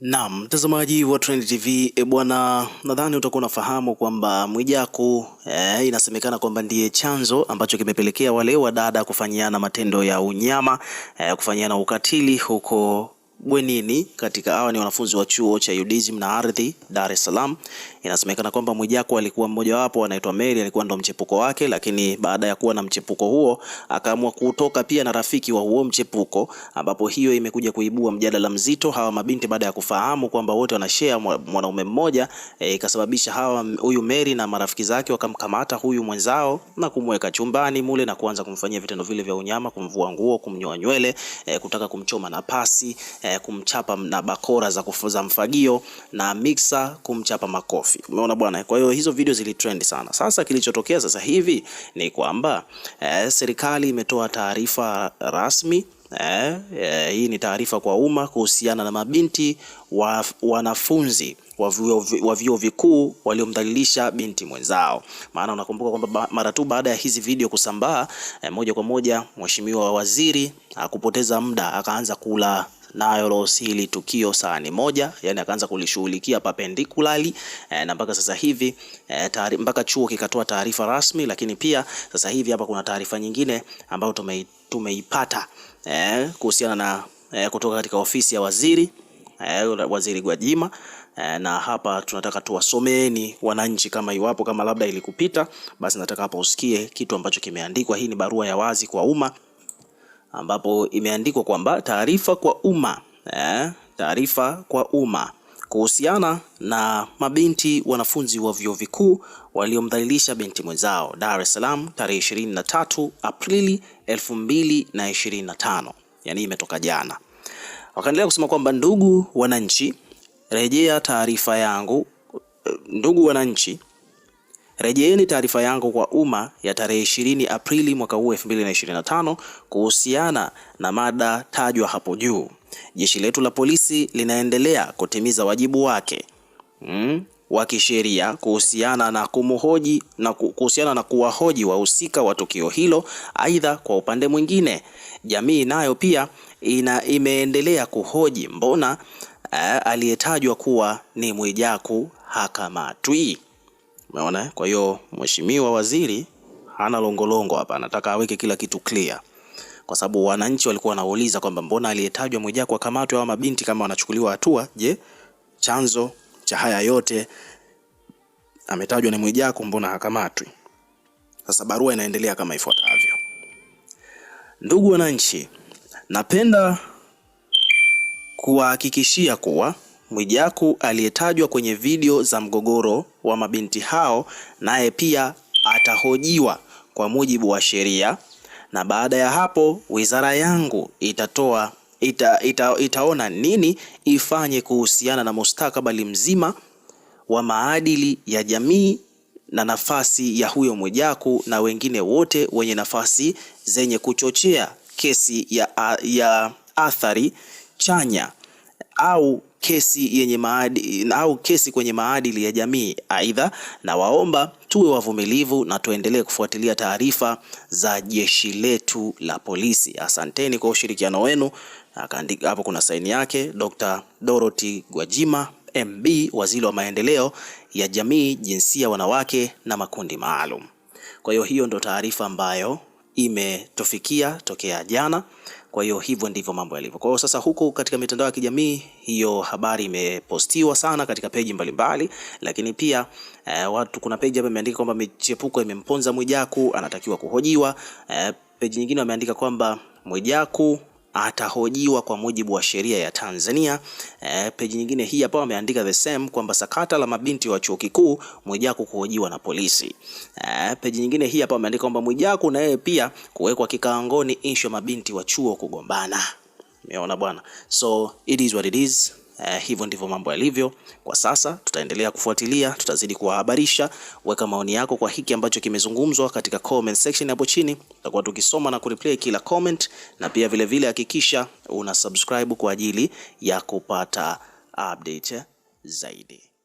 Naam, mtazamaji wa Trend TV, e bwana, nadhani utakuwa unafahamu kwamba Mwijaku e, inasemekana kwamba ndiye chanzo ambacho kimepelekea wale wadada kufanyiana matendo ya unyama e, eh, kufanyiana ukatili huko bwenini katika hawa ni wanafunzi wa chuo cha Judaism na Ardhi Dar es Salaam. Inasemekana kwamba Mwijaku alikuwa mmoja wapo anaitwa Mary, alikuwa ndo mchepuko wake, lakini baada ya kuwa na mchepuko huo akaamua kutoka pia na rafiki wa huo mchepuko, ambapo hiyo imekuja kuibua mjadala mzito. Hawa mabinti baada ya kufahamu kwamba wote wanashare mwanaume mmoja, e, ikasababisha e, hawa huyu Mary na marafiki zake wakamkamata huyu mwenzao na kumweka chumbani mule na kuanza kumfanyia vitendo vile vya unyama, kumvua nguo, kumnyoa nywele e, kutaka kumchoma na pasi e, eh, kumchapa na bakora za kufuza mfagio na mixer kumchapa makofi. Umeona bwana, kwa hiyo hizo video zilitrend sana. Sasa kilichotokea sasa hivi ni kwamba eh, serikali imetoa taarifa rasmi eh, eh, hii ni taarifa kwa umma kuhusiana na mabinti wa, wanafunzi wa vyuo vikuu waliomdhalilisha binti mwenzao. Maana unakumbuka kwamba mara tu baada ya hizi video kusambaa, eh, moja kwa moja mheshimiwa waziri akupoteza muda akaanza kula na alilosili tukio saa ni moja, yani akaanza kulishughulikia perpendicularly e, eh, na mpaka sasa hivi e, tari, mpaka chuo kikatoa taarifa rasmi, lakini pia sasa hivi hapa kuna taarifa nyingine ambayo tume, tumeipata e, kuhusiana na e, kutoka katika ofisi ya waziri e, waziri Gwajima e, na hapa tunataka tuwasomeni wananchi, kama iwapo kama labda ilikupita, basi nataka hapa usikie kitu ambacho kimeandikwa. Hii ni barua ya wazi kwa umma ambapo imeandikwa kwamba taarifa kwa umma eh, taarifa kwa umma kuhusiana na mabinti wanafunzi wa vyuo vikuu waliomdhalilisha binti mwenzao Dar es Salaam tarehe 23 Aprili 2025, yani imetoka jana. Wakaendelea kusema kwamba ndugu wananchi, rejea taarifa yangu. Eh, ndugu wananchi, Rejeeni taarifa yangu kwa umma ya tarehe 20 Aprili mwaka huu 2025 kuhusiana na mada tajwa hapo juu. Jeshi letu la polisi linaendelea kutimiza wajibu wake mm, wa kisheria kuhusiana na kumhoji na kuhusiana na kuwahoji wahusika wa tukio hilo. Aidha, kwa upande mwingine, jamii nayo pia ina imeendelea kuhoji mbona eh, aliyetajwa kuwa ni Mwijaku hakamatwi. Umeona? Kwa hiyo mheshimiwa waziri hana longolongo hapa, anataka aweke kila kitu clear, kwa sababu wananchi walikuwa wanauliza kwamba mbona aliyetajwa Mwijaku akamatwe, au mabinti kama wanachukuliwa hatua, je, chanzo cha haya yote ametajwa ni Mwijaku, mbona hakamatwi? Sasa barua inaendelea kama ifuatavyo: ndugu wananchi, napenda kuwahakikishia kuwa Mwijaku aliyetajwa kwenye video za mgogoro wa mabinti hao naye pia atahojiwa kwa mujibu wa sheria, na baada ya hapo wizara yangu itatoa ita, ita, itaona nini ifanye kuhusiana na mustakabali mzima wa maadili ya jamii na nafasi ya huyo Mwijaku na wengine wote wenye nafasi zenye kuchochea kesi ya, ya athari chanya au kesi yenye maadili au kesi kwenye maadili ya jamii. Aidha, na waomba tuwe wavumilivu na tuendelee kufuatilia taarifa za jeshi letu la polisi. Asanteni kwa ushirikiano wenu. Hapo kuna saini yake Dr. Dorothy Gwajima MB, waziri wa maendeleo ya jamii, jinsia, wanawake na makundi maalum. Kwa hiyo hiyo ndo taarifa ambayo imetofikia tokea jana. Kwa hiyo hivyo ndivyo mambo yalivyo. Kwa hiyo sasa, huko katika mitandao ya kijamii hiyo habari imepostiwa sana katika peji mbalimbali, lakini pia eh, watu kuna peji hapa imeandika kwamba michepuko imemponza Mwijaku, anatakiwa kuhojiwa. Eh, peji nyingine wameandika kwamba Mwijaku atahojiwa kwa mujibu wa sheria ya Tanzania. E, peji nyingine hii hapa wameandika the same kwamba sakata la mabinti wa chuo kikuu Mwijaku kuhojiwa na polisi. E, peji nyingine hii hapa wameandika kwamba Mwijaku na yeye pia kuwekwa kikaangoni, insho mabinti wa chuo kugombana. Umeona bwana, so it is what it is. Eh, hivyo ndivyo mambo yalivyo kwa sasa. Tutaendelea kufuatilia, tutazidi kuwahabarisha. Weka maoni yako kwa hiki ambacho kimezungumzwa katika comment section hapo chini, tutakuwa tukisoma na kureplay kila comment, na pia vilevile hakikisha una subscribe kwa ajili ya kupata update zaidi.